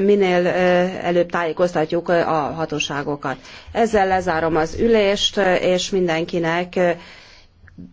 minél előbb tájékoztatjuk a hatóságokat. Ezzel lezárom az ülést, és mindenkinek